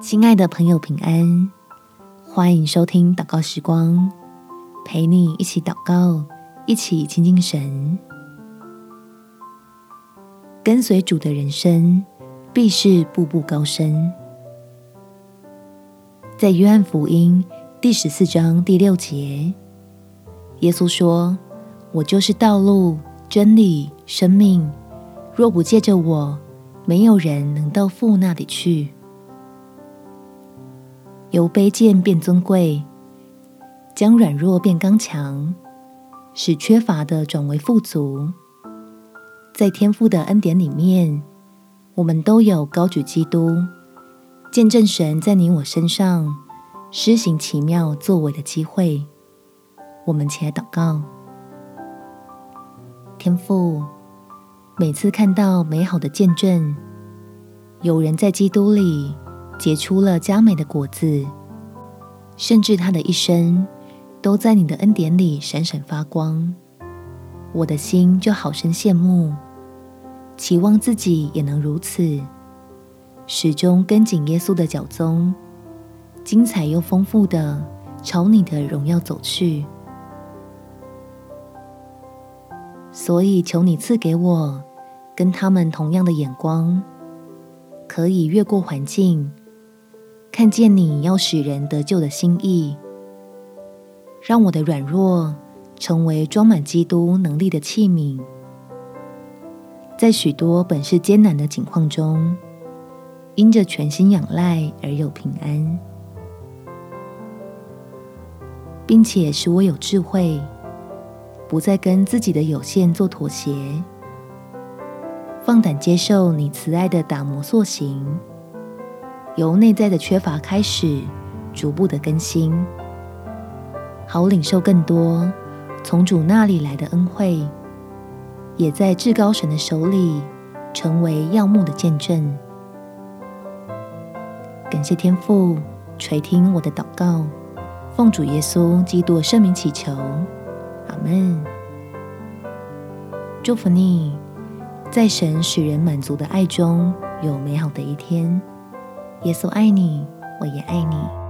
親愛的朋友，平安！歡迎收聽禱告時光，陪你一起禱告，一起親近神。跟隨主的人生，必是步步高升。在約翰福音第十四章第六節，耶穌說：“我就是道路、真理、生命，若不借着我，沒有人能到父那裡去。”由卑賤變尊貴，將軟弱變剛強，使缺乏的轉為富足。在天父的恩典裡面，我們都有高舉基督、見證神在你我身上施行奇妙作為的機會。我們起來禱告：天父，每次看到美好的見證，有人在基督裡。結出了佳美的果子，甚至他的一生都在你的恩典裡閃閃發光。我的心就好生羨慕，期望自己也能如此，始終跟緊耶穌的腳蹤，精彩又豐富的朝你的榮耀走去。所以，求你賜給我跟他們同樣的眼光，可以越過環境。看見你要使人得救的心意，讓我的軟弱成為裝滿基督能力的器皿，在許多本是艱難的境況中，因着全心仰賴而有平安，並且使我有智慧，不再跟自己的有限做妥協，放膽接受你慈愛的打磨塑形。由內在的缺乏開始，逐步的更新，好領受更多從主那裡來的恩惠，也在至高神的手裡成為耀目的見證。感謝天父垂聽我的禱告，奉主耶穌基督聖名祈求，阿門。祝福你，在神使人滿足的愛中有美好的一天。耶穌愛你，我也愛你。